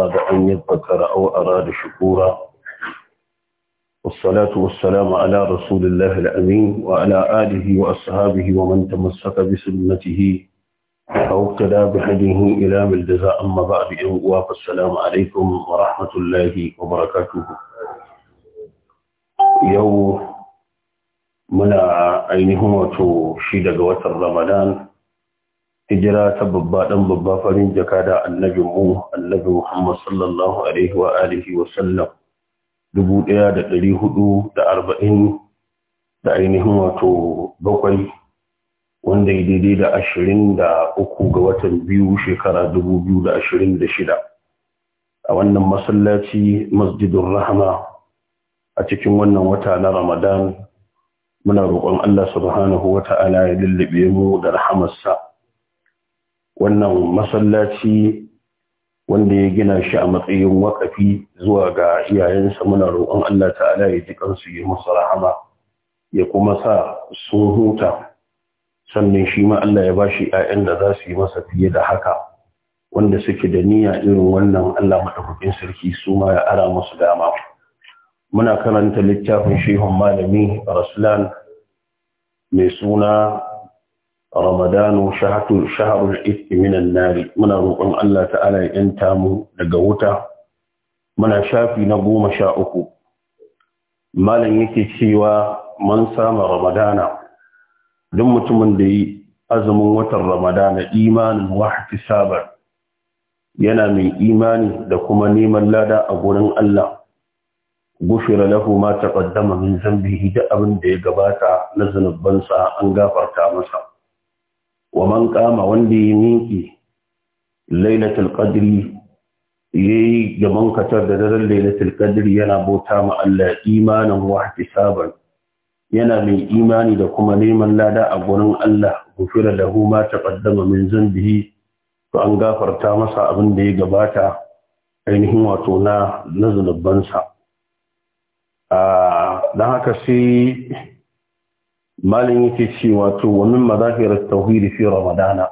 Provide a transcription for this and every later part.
أراد أن يذكر أو أراد شكورا والصلاة والسلام على رسول الله الأمين وعلى آله وأصحابه ومن تمسك بسنته أو اقتدى بهديه إلى ملجزاء أما بعد السلام عليكم ورحمة الله وبركاته يوم muna ainihin wato shi daga watan ramadan hijira ta babba dan babba farin jaka da annabi mu annabi Muhammad sallallahu alaihi wa alihi wa sallam 1440 da ainihin wato bakwai wanda ya daidai da ashirin da uku ga watan biyu shekara dubu biyu da ashirin da shida a wannan masallaci masjidun rahama a cikin wannan wata na ramadan muna roƙon allah subhanahu wa ta'ala ya lullube mu da rahamarsa wannan masallaci wanda ya gina shi a matsayin wakafi zuwa ga iyayensa muna roƙon Allah ta'ala ya ji kansu yi masa rahama ya kuma sa sun huta sannan shi ma Allah ya bashi ƴaƴan da za su yi masa fiye da haka wanda suke da niyya irin wannan Allah madaukakin sarki su ma ya ara musu dama muna karanta littafin shehun malami Raslan mai suna رمضان شهر شهر الإثم من النار من mu daga wuta. ينتام shafi na goma sha uku. malam yake cewa man sama ramadana duk mutumin da ya yi azumin watan ramadana imanin wahti sabar yana mai imani da kuma neman lada a gurin Allah gufira lahu ma taqaddama min zambihi da abin da ya gabata na zinabbansa an gafarta masa wa man wanda ya miƙe lailatul qadri yayi gaban katar da daren lailatul qadri yana bauta ma Allah imanin wa ihtisaban yana mai imani da kuma neman lada a gurin Allah gufira lahu ma taqaddama min zambihi to an gafarta masa abin da ya gabata ainihin wato na na zunubansa a ah, haka sai malin yake cewa to wa min tauhidi fi ramadana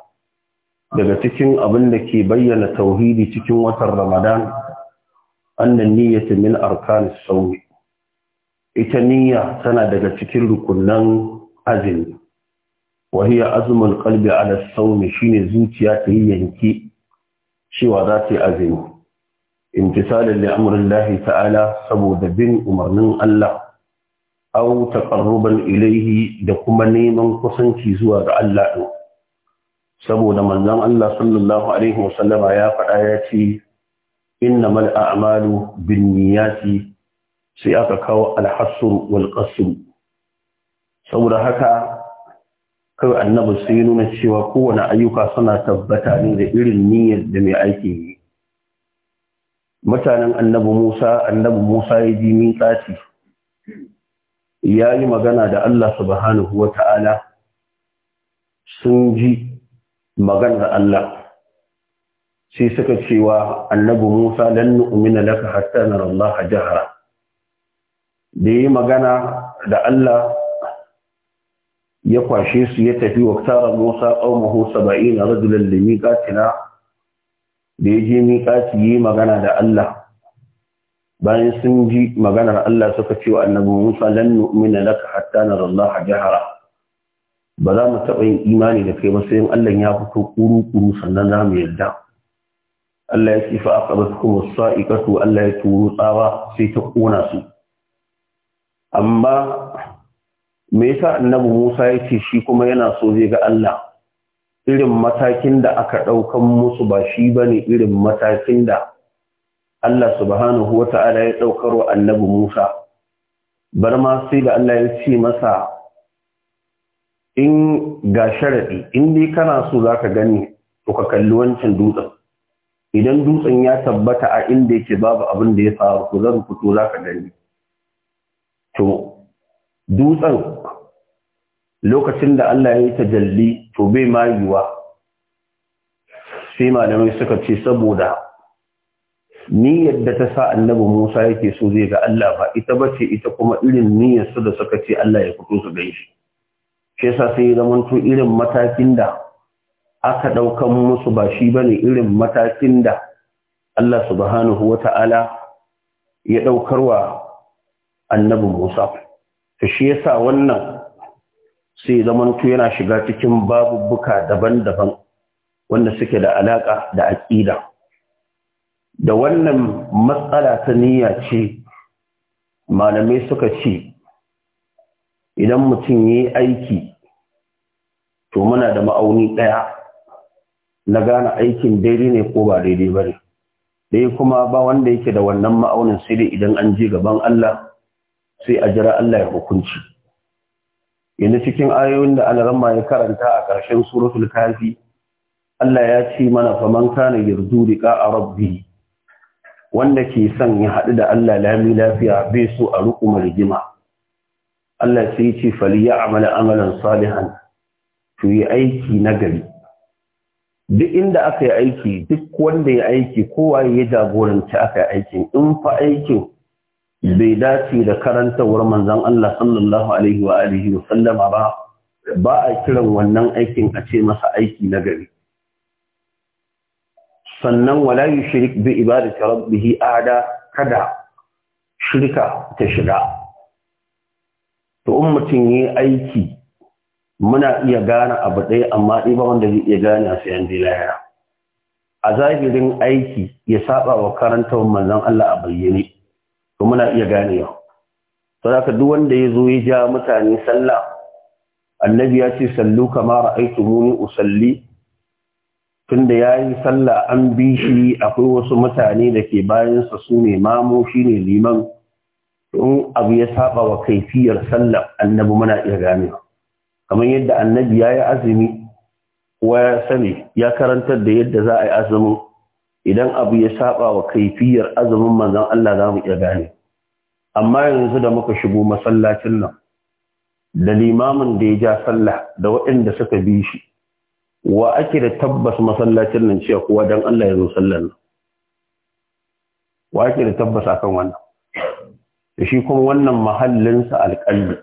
daga cikin abin da ke bayyana tauhidi cikin watan ramadan annan niyyatu min arkanis sawm ita niyya tana daga cikin rukunan azumi wa hiya azmul qalbi ala sawm shine zuciya ta yi yanki cewa za ta yi azumi imtisalan li amrillahi ta'ala saboda bin umarnin Allah aw taqarruban ilayhi da kuma neman kusanci zuwa ga Allah din saboda manzon Allah sallallahu alaihi wasallama ya faɗa ya ce innamal a'malu binniyati sai aka kawo alhassur wal qasr saboda haka kai annabi sai nuna cewa kowane ayyuka suna tabbata ne da irin niyyar da mai aiki yi mutanen annabi Musa annabi Musa ya ji miƙaci ya yi magana da Allah subhanahu wa ta'ala sun ji maganar Allah sai suka cewa annabi Musa lan nu'mina laka hatta nara Allah jahara da yi magana da Allah ya kwashe su ya tafi wa tara Musa qaumahu 70 rajulan limiqatina da yaje miqati yi magana da Allah bayan sun ji maganar Allah suka ce wa annabi Musa lan nu'mina laka hatta nara Allah jahara ba za mu taɓa yin imani da kai ba sai Allah ya fito kuru-kuru sannan za mu yarda Allah ya sifa aka as sa'iqatu Allah ya turo tsawa sai ta kona su amma me yasa annabi Musa ya ce shi kuma yana so zai ga Allah irin matakin da aka ɗaukan musu ba shi ba ne irin matakin da Allah subhanahu wa ta'ala ya ɗaukar wa annabi Musa, bar ma sai da Allah ya ce masa in ga sharaɗi, in dai kana so za ka gani, to ka kalli wancan dutsen. Idan dutsen ya tabbata a inda yake babu abin da ya faru, to zan fito za ka gani. To, dutsen lokacin da Allah ya yi tajalli, to bai ma yiwa. Sai malamai suka ce saboda niyyar da ta sa annabi Musa yake so zai ga Allah ba ita bace ita kuma irin niyyar su da suka ce Allah ya fito su gaishe shi yasa sai zamantu to irin matakin da aka daukan musu ba shi bane irin matakin da Allah subhanahu wata'ala ya wa annabi Musa to shi yasa wannan sai zaman to yana shiga cikin babubbuka daban-daban wanda suke da alaka da aqida da wannan matsala ta niyya ce malamai suka ce idan mutum ya aiki to muna da ma'auni ɗaya na gane aikin daidai ne ko ba daidai ba ne dai kuma ba wanda yake da wannan ma'aunin sai dai idan an je gaban Allah sai a jira Allah ya hukunci yana cikin ayoyin da alarama ya karanta a ƙarshen suratul kafi Allah ya ce mana faman kana yardu a rabbi wanda ke son ya haɗu da Allah lami lafiya bai so a ruku rigima Allah sai ya ce fali ya amala amalan salihan to yi aiki na gari duk inda aka yi aiki duk wanda ya aiki kowa ya jagoranci aka yi aikin in fa aikin bai dace da karantawar manzon Allah sallallahu alaihi wa wa sallama ba ba a kiran wannan aikin a ce masa aiki na gari sannan wala shirik bi ibadati rabbihi ada kada shirka ta shiga to in mutum yi aiki muna iya gane abu ɗaya amma ɗaya ba wanda zai iya gane a sayan lahira a zahirin aiki ya saba wa karantar manzon Allah a bayyane to muna iya ganewa to haka duk wanda ya zo ya ja mutane sallah annabi ya ce sallu kama ra'aytumuni usalli tunda ya yi sallah an bi shi akwai wasu mutane da ke bayansa su ne mamu shi ne liman in abu ya saba wa kaifiyar sallah annabi muna iya ganewa kamar yadda annabi ya yi azumi kowa ya sani ya karantar da yadda za a yi azumin idan abu ya saba wa kaifiyar azumin manzon Allah za mu iya gane amma yanzu da muka shigo masallacin nan da limamin da ya ja sallah da waɗanda suka bi shi wa ake da tabbas masallacin nan cewa kuwa don Allah ya zo sallar nan wa ake da tabbas akan wannan da shi kuma wannan mahallinsa alƙalli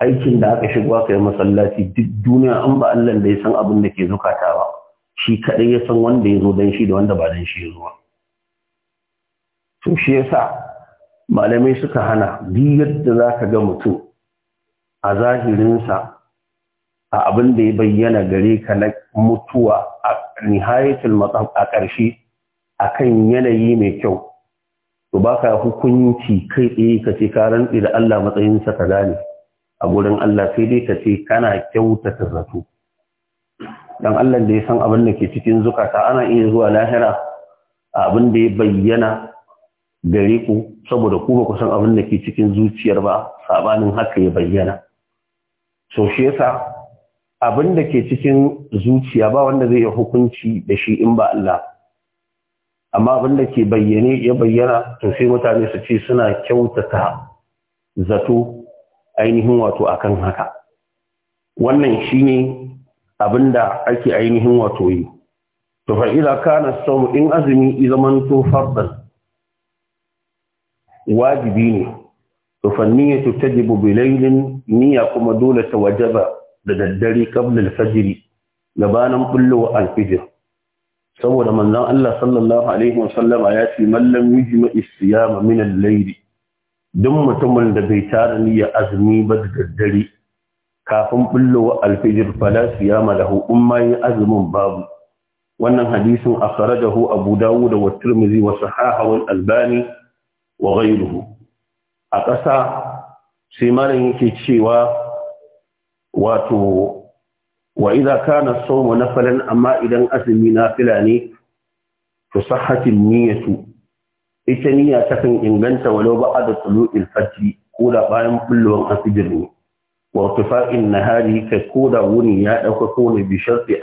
aikin da aka shigo aka yi masallaci duk duniya an ba Allah da ya san abin da ke zukata ba shi kaɗai ya san wanda ya zo don shi da wanda ba don shi ya zo to shi yasa malamai suka hana duk yadda za ka ga mutum a zahirinsa a abin da ya bayyana gare ka na mutuwa a nihayatul matsaf a ƙarshe kan yanayi mai kyau to baka hukunci kai tsaye ka ce ka rantsi da Allah matsayinsa sa ka gane a gurin Allah sai dai ka ce kana ta zato dan Allah da ya san abin da ke cikin zukata ana iya zuwa lahira a abin da ya bayyana gare ku saboda ku ba ku san abin da ke cikin zuciyar ba sabanin haka ya bayyana so shi yasa abin da ke cikin zuciya ba wanda zai yi hukunci da shi in ba Allah amma abin da ke bayyane ya bayyana to sai mutane su ce suna kyautata zato ainihin wato akan haka wannan shine abin da ake ainihin wato yi to fa ila kana sawu in azmi izaman to fardan wajibi ne to fanniyatu tajibu bi laylin niyya kuma dole ta wajaba da daddare qablal fajr gabanin kullu alfijir. saboda manzon Allah sallallahu alaihi wasallama ya ce mallam yujma isyama min al-layl duk mutumin da bai tara niyya azumi ba da daddare kafin bullowa alfijir fala siyama lahu umma yin azumin babu wannan hadisin akhrajahu abu dawud wa tirmidhi wa sahahahu albani wa ghayruhu a ƙasa sai mara yake cewa wato wa idza kana as-sawmu nafalan amma idan azumi nafila ne to sahhatin niyyatu ita niyya ta kan inganta walau da tulu'il fajr ko da bayan bullowan asijir ne wa na nahari kai ko da wuni ya ɗauka ko ne bi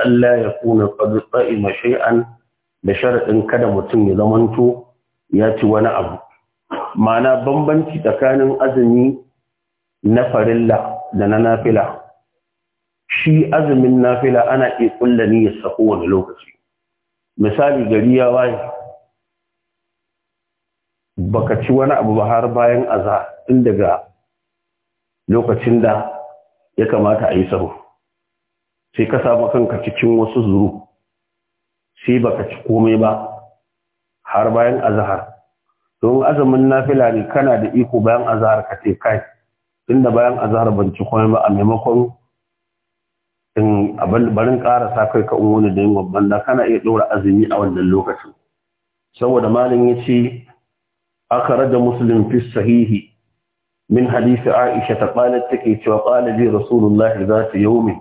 Allah ya kuna qad qa'ima shay'an da sharaɗin kada mutum ya zamanto ya ci wani abu ma'ana bambanci tsakanin azumi na farilla da na nafila shi azumin nafila ana iya kulla niyyarsa kowane lokaci misali gari ya waye baka ci wani abu ba har bayan aza in daga lokacin da ya kamata a yi saro sai ka samu kanka cikin wasu zuru sai baka ci komai ba har bayan azahar don azumin nafila ne kana da iko bayan azahar ka ce kai inda bayan azahar ban ci komai ba a maimakon in barin karasa kai ka wani da yin babban da kana iya ɗora azumi a wannan lokacin saboda malin ya ce aka rada musulun fi sahihi min hadisi aisha ta ƙalar take cewa ƙalar ji rasulullah za ta yau min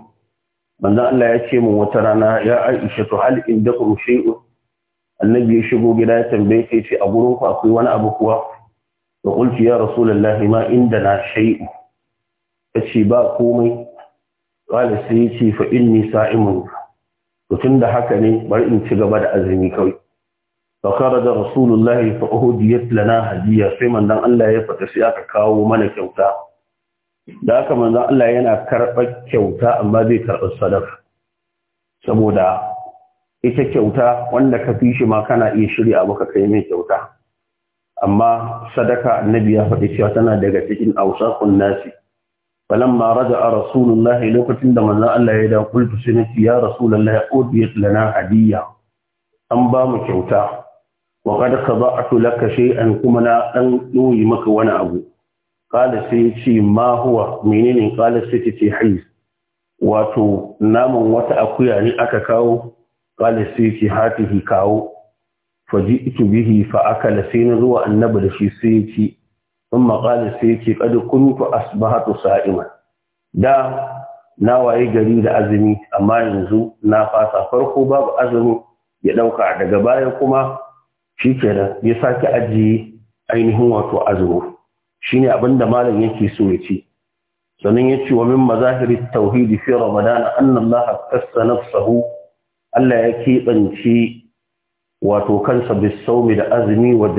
allah ya ce min wata rana ya aisha to hal in da kuma shi'u annabi ya shigo gida ya tambaye ta ce a gurin ku akwai wani abu kuwa da ƙulci ya rasulullah ma inda na shai'u ta ce ba komai qala sai yace fa inni sa'imun to da haka ne bari in ci gaba da azumi kawai fa da rasulullahi fa uhdiyat lana hadiya sai manzon Allah ya fata sai aka kawo mana kyauta da haka manzon Allah yana karɓar kyauta amma zai karɓar sadaka saboda ita kyauta wanda ka fi shi ma kana iya shirya maka kai mai kyauta amma sadaka annabi ya faɗi cewa tana daga cikin ausaqun nasi فلما رجع رسول الله lokacin da manzon Allah ya da kultu sai nace ya rasulullahi udiyat lana hadiya an ba mu kyauta wa qad qada'tu laka shay'an kuma na ɗan doyi maka wani abu qala sai ce menene qala sai ce ce wato naman wata akuya ne aka kawo qala sai ce hatihi kawo faji'tu bihi fa akala sai na zuwa annabi da shi sai ya ci sun maƙalar sai ce ƙadu kuntu asbahatu sa'iman da na waye gari da azumi amma yanzu na fasa farko babu azumi ya ɗauka daga baya kuma shi kenan ya sake ajiye ainihin wato azumi shine abinda malam yake so ya ce sannan ya ce wa min mazahiri tauhidi fi ramadana anna allaha kassa nafsahu Allah ya keɓance wato kansa bisaumi da azumi wa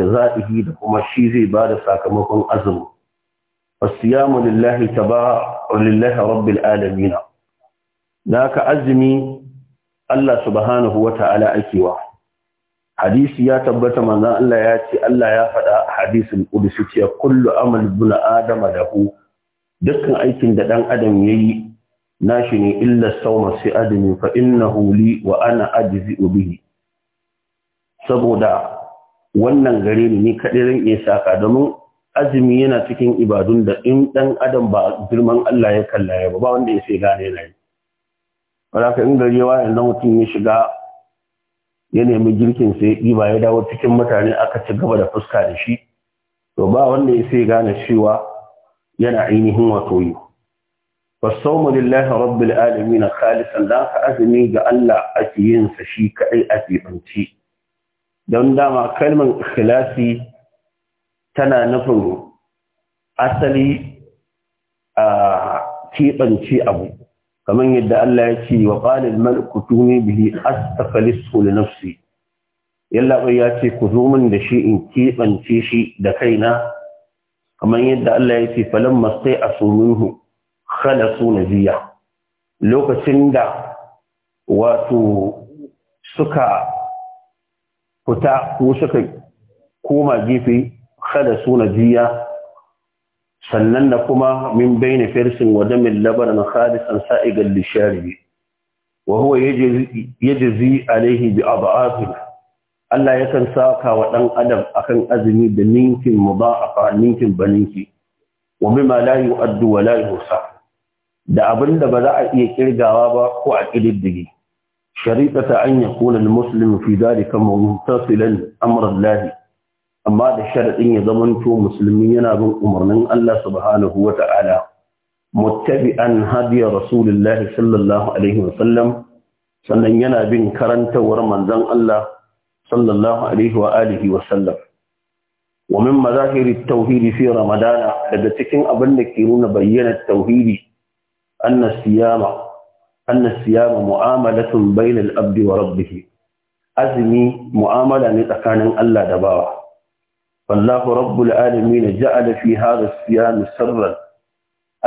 yi da kuma shi zai ba da sakamakon azumi asiyamu lillahi tabaraka lillahi rabbil alamin naka azumi Allah subhanahu ta'ala akewa hadisi ya tabbata manzon Allah ya ce Allah ya faɗa hadisin qudsi ce kullu amal buna adama lahu dukkan aikin da ɗan adam yayi nashi ne illa sau sai adami fa innahu li wa ana ajzi'u bihi saboda wannan gare ni ni kaɗai zan iya saka domin azumi yana cikin ibadun da in ɗan adam ba girman Allah ya kalla ya ba wanda ya sai gane na yi. Wadaka in gari yawa yanzu mutum ya shiga ya nemi girkin sai ya ya dawo cikin mutane aka ci gaba da fuska da shi. To ba wanda ya sai gane cewa yana ainihin wato yi. Fasaumu lillahi rabbil alamin khalisan da ka azumi ga Allah ake yin sa shi kaɗai a keɓance. don dama kalmar ikhlasi tana nufin asali a keɓance abu kamar yadda Allah ya ce wa qalil malku tuni bihi astakhlisu li nafsi yalla bai ya ce ku zo min da shi in keɓance shi da kaina kamar yadda Allah ya ce falamma sai asuminhu khalasu nabiya lokacin da wato suka fita ko suka koma gefe kada suna jiya sannan da kuma min bayna firsin wa damin labaran khalisan sa'igan lisharibi wa huwa yajzi alaihi bi adafin Allah yakan saka wa dan adam akan azumi da ninkin mudafa ninkin baninki wa bima la yu'addu wa la yuhsa da abinda ba za a iya kirgawa ba ko a kididdige شريطة أن يكون المسلم في ذلك ممتصلا أمر الله أما ده شرط يضمن تو مسلمين أبن أمرنا الله سبحانه وتعالى متبعا هدي رسول الله صلى الله عليه وسلم sannan yana bin karantawar manzon Allah sallallahu alaihi wa alihi wa sallam wa min mazahiri tauhidi fi ramadana daga cikin abin da ke nuna bayyana tauhidi anna siyama أن الصيام معاملة بين الأبد وربه أزمي معاملة نتكان الله دباوة والله رب العالمين جعل في هذا الصيام سرا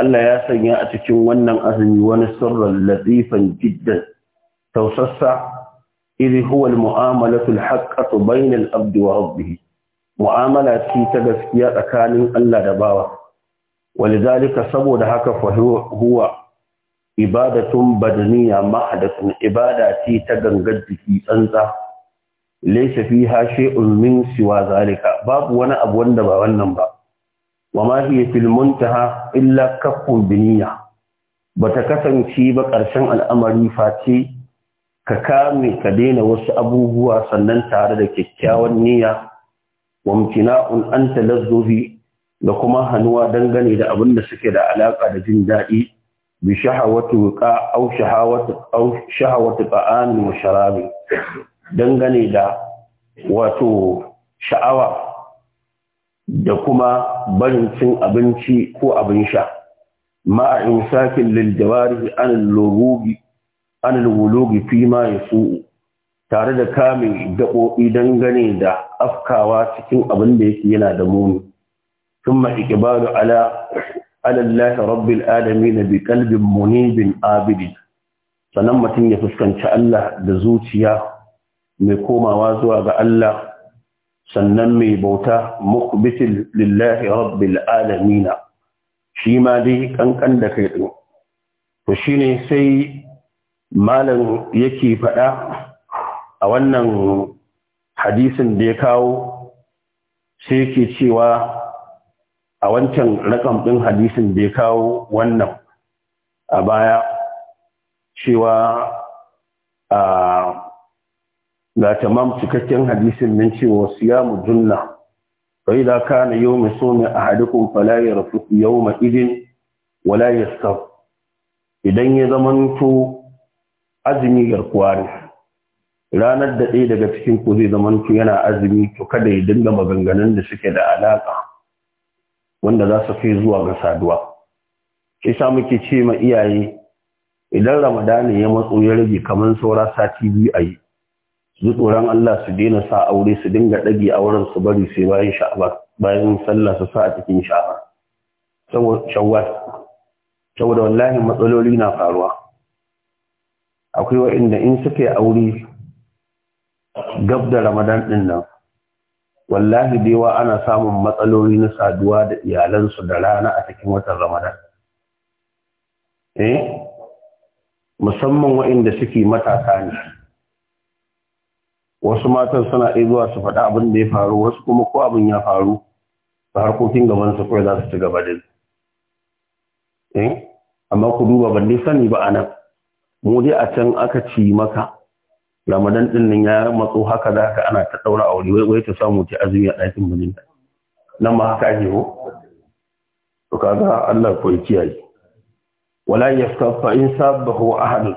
الله يا سيدي أتكن ونن أزمي ونسرا لطيفا جدا توسسع إذ هو المعاملة الحقة بين الأبد وربه معاملة تتغسكية أكان الله دباوة ولذلك سبو دهك فهو هو ibadatun badaniya mahadatun ibada ce ta gangar jiki tsantsa laysa fiha shay'un min siwa zalika babu wani abu wanda ba wannan ba wa ma hiya fil muntaha illa kaffun biniya bata kasance ba ƙarshen al'amari face ka kame ka daina wasu abubuwa sannan tare da kyakkyawan niyya wa mtina'un an talazzuhi da kuma hannuwa dangane da abin da suke da alaka da jin daɗi ka وقاء shahawatu شهوة shahawatu ba'an wa sharabi dangane da wato sha'awa da kuma barin cin abinci ko abin sha a insakin lil jawarihi an lugubi an fi ma yasu tare da kame gabobi dangane da afkawa cikin abin da yake yana da muni ثم إقبال على alallahi rabbil alamin bi qalbin bin abidi sanan mutum ya fuskanci Allah da zuciya mai komawa zuwa ga Allah sannan mai bauta muqbitil lillahi rabbil alamin shi ma dai kankan da kai din to shine sai malam yake faɗa a wannan hadisin da ya kawo sai yake cewa a wancan rakam ɗin hadisin da ya kawo wannan a baya cewa a ga tamam cikakken hadisin min cewa siyamu junna fa idza kana a sumi ahadukum fala yarfuq yawma idin wala yastab idan ya zamanto azumi garkuwa ne ranar da ɗaya daga cikin ku zai zamanto yana azumi to kada ya dinga maganganun da suke da alaƙa wanda za su kai zuwa ga saduwa shi sa muke ce ma iyaye idan Ramadani ya matso ya rage kamar saura sati biyu a yi su tsoron Allah su daina sa aure su dinga ɗage auren su bari sai bayan sha'aba bayan sallah su sa a cikin sha'aba shawwal saboda wallahi matsaloli na faruwa akwai wa'inda in suke aure gab da ramadan ɗin nan wallahi dewa ana samun matsaloli na saduwa da iyalansu da rana a cikin watan ramadan eh musamman waɗanda suke matasa ne wasu matan suna iya zuwa su faɗa abin da ya faru wasu kuma ko abin ya faru ba harkokin gaban su kawai za su ci gaba da eh amma ku duba ban sani ba anan mu dai a can aka ci maka ramadan din nan ya matso haka da haka ana ta daura aure wai wai ta samu ta azumi a ɗakin mijinta nan ma haka ake ho to kaga Allah ko kiyaye wala yastafa in sabahu ahad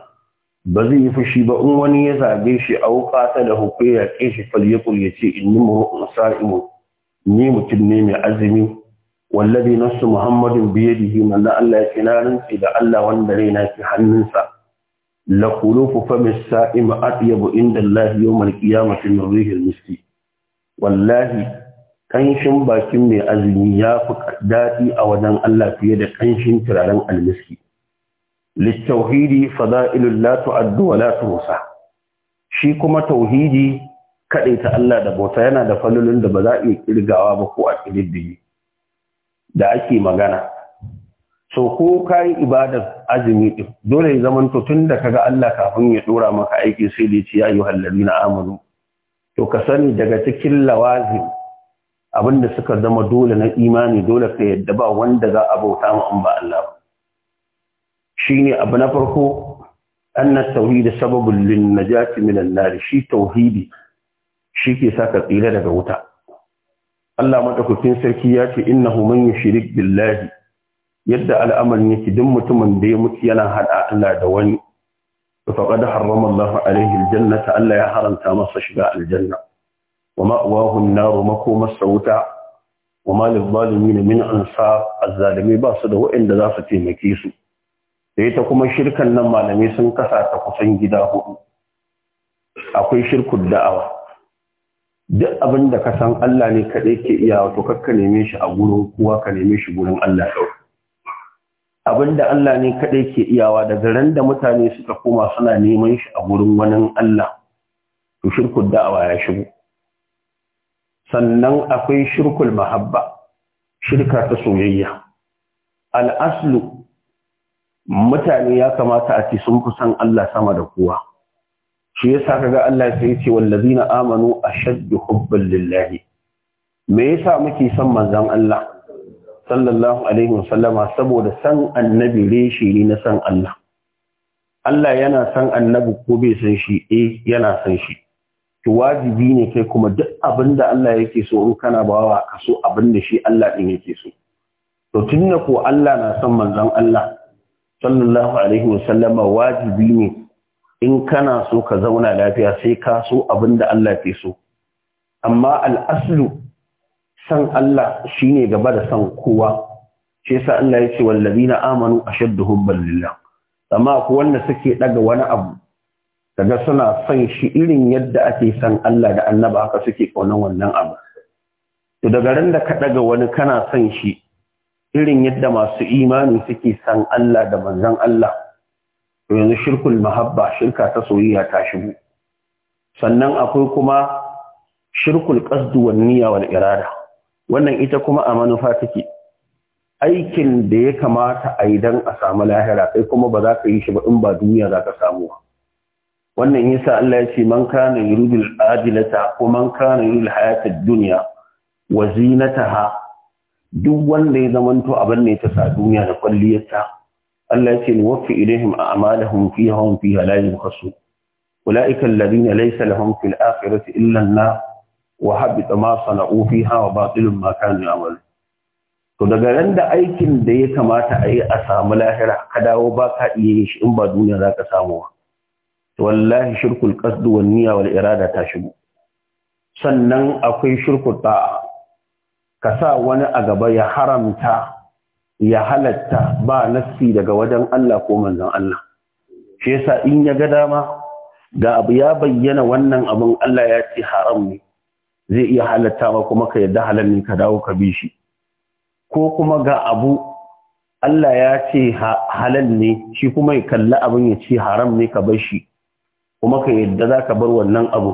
ba zai yi fushi ba in wani ya zabe shi a ta da hukai ya ke shi falyakul ya ce inni mu'min sa'imu ni mutum ne mai azumi wallazi nafsu muhammadin biyadihi Na Allah ya ce na rantsi da Allah wanda raina ke hannunsa لخلوف فم السائم أطيب عند الله يوم القيامة من ريح المسك والله kanshin bakin mai azumi ya fi daɗi a wajen Allah fiye da kanshin turaren almiski. Littauhidi fada'ilun la tu'addu wa la tusa. Shi kuma tauhidi kaɗaita Allah da bauta yana da falolin da ba za a iya ƙirgawa ba ko a ƙididdige da ake magana. so ko ka yi ibadar azumi ɗin dole ya zama to tun da kaga Allah kafin ya dora maka aiki sai da ya yi hallari na amanu to ka sani daga cikin lawazi abin da suka zama dole na imani dole ka yadda ba wanda za a bauta ma an ba Allah ba shine abu na farko anna tauhid sababun lin najati min an-nar shi tauhidi shi ke saka tsira daga wuta Allah madaukakin sarki ya ce innahu man yushrik billahi yadda al’amarin yake din mutumin da ya mutu yana haɗa Allah da wani, da faƙa da haramun lafa alaihi aljanna ta Allah ya haramta masa shiga aljanna, wa ma’uwahun naru makomarsa wuta, wa malin zalimi min an sa a zalimi ba su da waɗanda da za su taimake su, da ita kuma shirkan nan malamai sun kasa ta kusan gida hudu, akwai shirkun da'awa. Duk abin da ka san Allah ne kaɗai ke iya wato kakka neme shi a gurin kowa ka neme shi gurin Allah kawai. da Allah ne kaɗai ke iyawa da zaren da mutane suka koma suna neman shi a gurin wani Allah to shirkul da'awa ya shigo sannan akwai shirkul mahabba shirka ta soyayya al'aslu mutane ya kamata a ci sun fi san Allah sama da kowa shi yasa ga Allah sai ya ce wallazina amanu ashaddu hubban lillahi me yasa muke son manzon Allah sallallahu alaihi wasallama saboda san annabi reshi ne na san Allah Allah yana san annabi ko bai san shi eh yana san shi ki wajibi ne kai kuma duk abinda da Allah yake so in kana bawa ka so abinda shi Allah din yake so to tunda ko Allah na san manzon Allah sallallahu alaihi wasallama wajibi ne in kana so ka zauna lafiya sai ka so abin da Allah ke so amma al'aslu san Allah shi ne gaba da san kowa ce sa Allah ya ce na amanu ashaddu hubbar lillah amma ku wanda suke daga wani abu daga suna san shi irin yadda ake san Allah da annaba haka suke kaunan wannan abu to daga ran da ka daga wani kana san shi irin yadda masu imani suke san Allah da manzan Allah to yanzu shirkul mahabba shirka ta soyayya ta shigo sannan akwai kuma shirkul qasd wan niyya wal irada wannan ita kuma a manufa take aikin da ya kamata a dan a samu lahira kai kuma ba za ka yi shi ba in ba duniya za ka samu ba wannan yasa Allah ya ce man kana yuridul ajilata ko man kana yuridul hayatad dunya wa zinataha duk wanda ya zamanto abin ne ta sa duniya da kwalliyarta Allah ya ce ni wafi ilaihim a'malahum fiha hum fiha la yukhsu ulaika alladhina laysa lahum fil akhirati illa an-nar wa habita ma sana'u fiha wa batilun ma to daga ran da aikin da ya kamata a yi a samu lahira ka dawo ba ka iya yin shi in ba duniya za ka samu ba To wallahi shirkul qasd wal niyya wal irada ta shigo sannan akwai shirkul ta'a ka sa wani a gaba ya haramta ya halatta ba nassi daga wajen Allah ko manzon Allah shi yasa in ya ga dama ga abu ya bayyana wannan abin Allah ya ce haram ne zai iya halatta kuma ka yarda halal ne ka dawo ka bi shi ko kuma ga abu Allah ya ce halal ne shi kuma ya kalli abin ya ce haram ne ka bar shi kuma ka yarda za ka bar wannan abu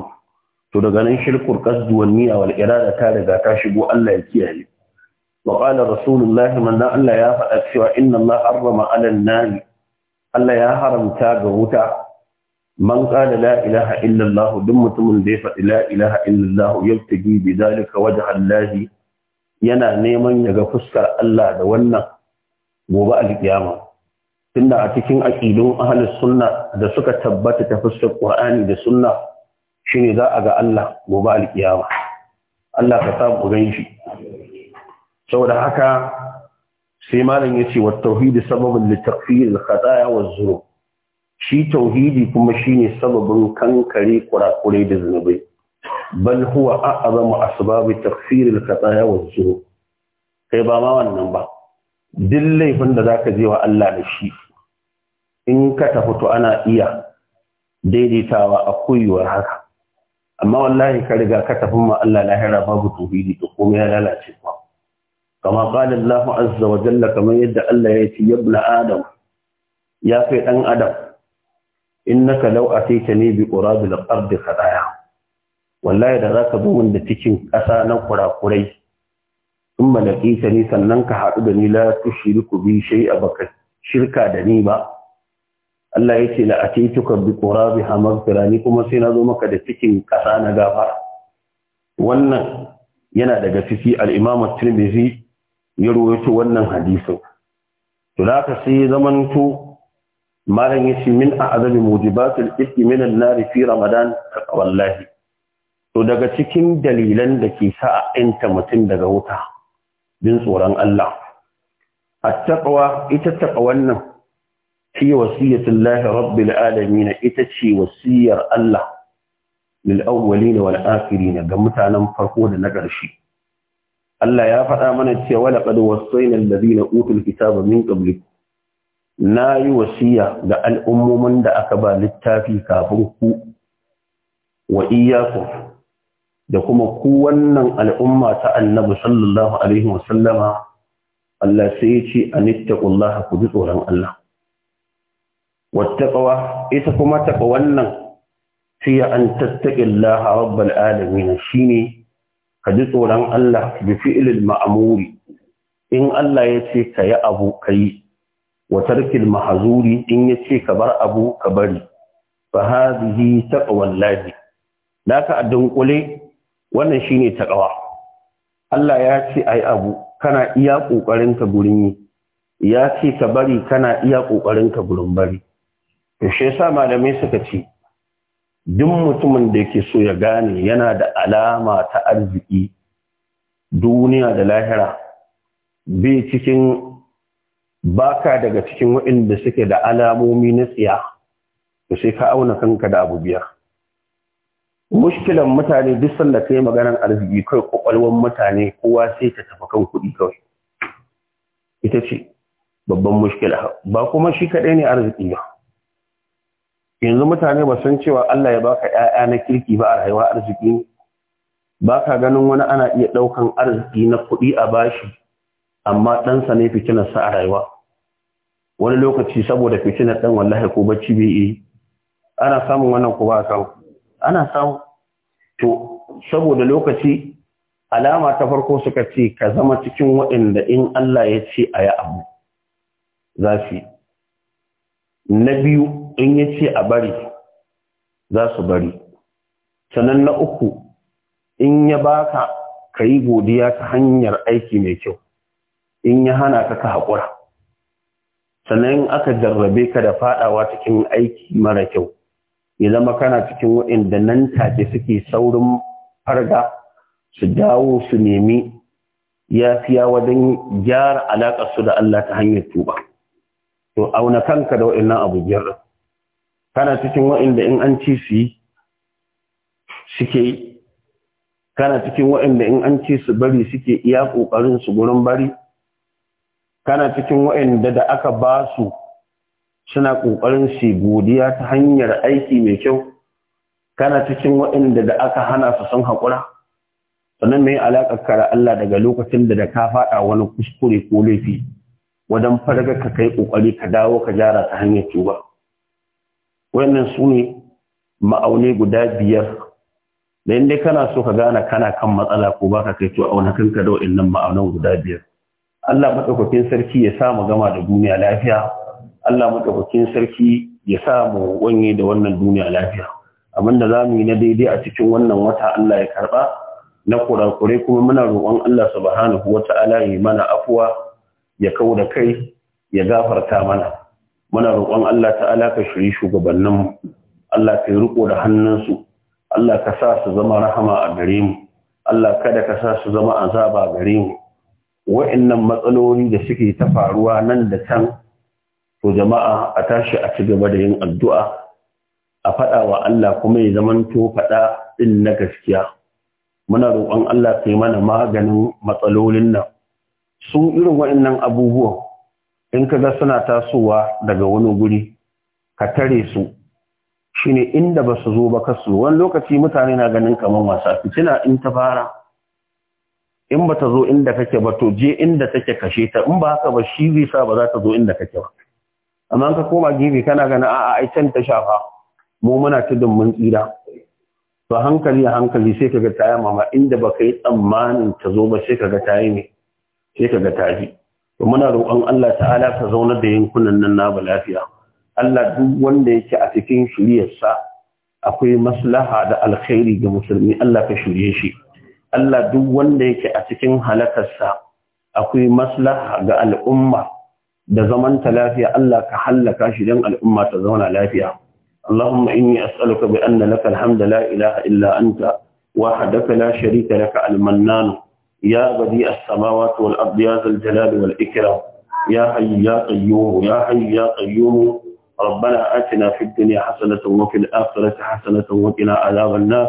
to daga nan shirkur kasdu wal niyya wal irada ta riga ta shigo Allah ya kiyaye wa qala rasulullahi manzo Allah ya faɗa cewa inna Allah harrama 'ala Allah ya haramta ga wuta man qala la ilaha illa Allah duk mutumin da ya faɗi la ilaha illa Allah yabtagi bi zalika wajha Allah yana neman ya ga fuskar Allah da wannan gobe alkiyama tunda a cikin aqidun ahlus sunna da suka tabbata ta fuskar Qur'ani da sunna shine za a ga Allah gobe alkiyama Allah ka sa mu gan shi saboda haka sai malam yace ce tauhid sababun li takfir al khataya wa zunub shi tauhidi kuma shine sababin kankare kurakure da zunubai bal huwa a'zamu asbabi takfir al-khataya wa dhunub kai ba ma wannan ba duk laifin da zaka je wa Allah da shi in ka tafi to ana iya daidaitawa a koyuwar haka amma wallahi ka riga ka tafi ma Allah lahira babu tauhidi to kuma ya lalace ba kama qala Allah azza wa jalla kamar yadda Allah ya ce ya ibn adam ya kai dan adam innaka law ataitani bi qurabil ard khadaya wallahi da zaka zo mun da cikin ƙasa na kurakurai kisa ni sannan ka hadu da ni la tushriku bi shay'a baka shirka da ni ba Allah yace la ataituka bi qurabiha maghfirani kuma sai na zo maka da cikin kasa na gafara wannan yana daga ciki al-Imam at-Tirmidhi ya ruwaito wannan hadisin to zaka ka zaman zamanto malam yace min a'zami mujibatul ifki min an-nar fi ramadan wallahi to daga cikin dalilan da ke sa a inta mutum daga wuta bin tsoron Allah at-taqwa ita taqwan nan fi wasiyatullahi rabbil alamin ita ce wasiyar Allah lil awwalin wal akhirin ga mutanen farko da na ƙarshe Allah ya faɗa mana cewa laqad wasaina alladhina utul kitaba min qablikum na yi wasiya ga al'ummomin da aka ba littafi kafin ku wa iyaku da kuma ku wannan al'umma ta annabi sallallahu Alaihi wasallama Allah sai ya ce a nittaƙullaha ku ji tsoron Allah. Wattaƙawa, ita kuma taɓa wannan fiye an tattaƙillaha rabbal na shi ne ka ji tsoron Allah bi fi'ilil ma'amuri in Allah ya ce ka yi abu ka yi wa tarkil mahzuri in yace ka bar abu ka bari fa Na ka a adunkule wannan shine ƙawa. Allah ya ce ai abu kana iya ƙoƙarinka ka gurin yi ya ce ka bari kana iya ƙoƙarinka gurin bari to shi yasa malamai suka ce duk mutumin da yake so ya gane yana da alama ta arziki duniya da lahira bai cikin baka daga cikin waɗanda suke da alamomi na tsiya to sai ka auna kanka da abu biyar mushkilan mutane duk sanda kai maganar arziki kai ƙwaƙwalwar mutane kowa sai ta tafi kan kuɗi kawai ita ce babban mushkila ba kuma shi kaɗai ne arziki ba yanzu mutane ba san cewa Allah ya baka ƴaƴa na kirki ba a rayuwa arziki ne ba ka ganin wani ana iya ɗaukan arziki na kuɗi a bashi amma ɗansa ne fitinarsa a rayuwa wani lokaci saboda fitinar ɗan wallahi ko bacci bai yi ana samun wannan ko ba a samu ana samu to saboda lokaci alama ta farko suka ce ka zama cikin waɗanda in Allah ya ce a yi abu za su na biyu in ya ce a bari za su bari sannan na uku in ya baka ka yi godiya ta hanyar aiki mai kyau in ya hana ka ka haƙura sannan aka jarrabe ka da faɗawa cikin aiki mara kyau ya zama kana cikin waɗanda nan take suke saurin farga su dawo su nemi yafiya wajen gyara alaƙar su da Allah ta hanyar tuba to auna kanka da waɗannan abu biyar kana cikin waɗanda in an ci su yi suke yi kana cikin waɗanda in an ci su bari suke iya ƙoƙarin su gurin bari kana cikin waɗanda da aka ba su suna ƙoƙarin su godiya ta hanyar aiki mai kyau kana cikin waɗanda da aka hana su sun haƙura sannan mai alaƙar kara Allah daga lokacin da da ka faɗa wani kuskure ko laifi wajen farga ka kai ƙoƙari ka dawo ka jara ta hanyar tuba wannan su ne ma'aune guda biyar da inda kana so ka gane kana kan matsala ko ka kai to auna kanka da waɗannan ma'aunan guda biyar Allah madaukakin sarki ya sa mu gama da duniya lafiya Allah madaukakin sarki ya sa mu wanye da wannan duniya lafiya abin abinda mu yi na daidai a cikin wannan wata Allah ya karɓa. na kurakure kuma muna roƙon Allah subhanahu ta'ala ya mana afuwa ya kau da kai ya gafarta mana muna roƙon Allah ta'ala ka shiri shugabannin Allah ka yi riƙo da hannunsu Allah ka sa su zama rahama a gare mu Allah kada ka sa su zama azaba a gare mu wa'annan matsaloli da suke ta faruwa nan da can to jama'a a tashi a ci gaba da yin addu'a a faɗa wa Allah kuma ya zamanto faɗa ɗin na gaskiya muna roƙon Allah kai mana maganin matsalolin nan su irin wa'annan abubuwa in ka ga suna tasowa daga wani guri ka tare su shine inda ba su zo ba kasu wani lokaci mutane na ganin kamar wasa fitina in ta fara in ba ta zo inda kake ba to je inda take kashe ta in ba haka ba shi zai sa ba za ta zo inda kake ba amma ka koma gefe kana gana a'a ai can ta shafa mu muna tudun mun tsira to hankali a hankali sai kaga ta yi mama inda ba yi tsammanin ta zo ba sai kaga ta yi ne sai kaga ta ji to muna roƙon Allah ta'ala ka zauna da yankunan nan na lafiya Allah duk wanda yake a cikin shiriyarsa akwai maslaha da alkhairi ga musulmi Allah ka shirye shi Allah duk wanda yake a cikin halakarsa akwai maslaha ga al'umma da zaman ta lafiya Allah ka hallaka shi don al'umma ta zauna lafiya Allahumma inni as'aluka bi anna laka alhamdu la ilaha illa anta wahdaka la sharika laka al-mannan ya badi as-samawati wal ardi ya zal jalali wal ikram ya hayyu ya qayyum ya hayyu ya qayyum ربنا آتنا في الدنيا حسنة وفي الآخرة حسنة وقنا عذاب النار